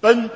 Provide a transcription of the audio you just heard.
Pan